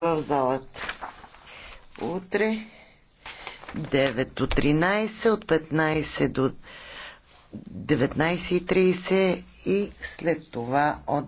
в залата. Утре 9 до 13, от 15 до 19.30 и след това от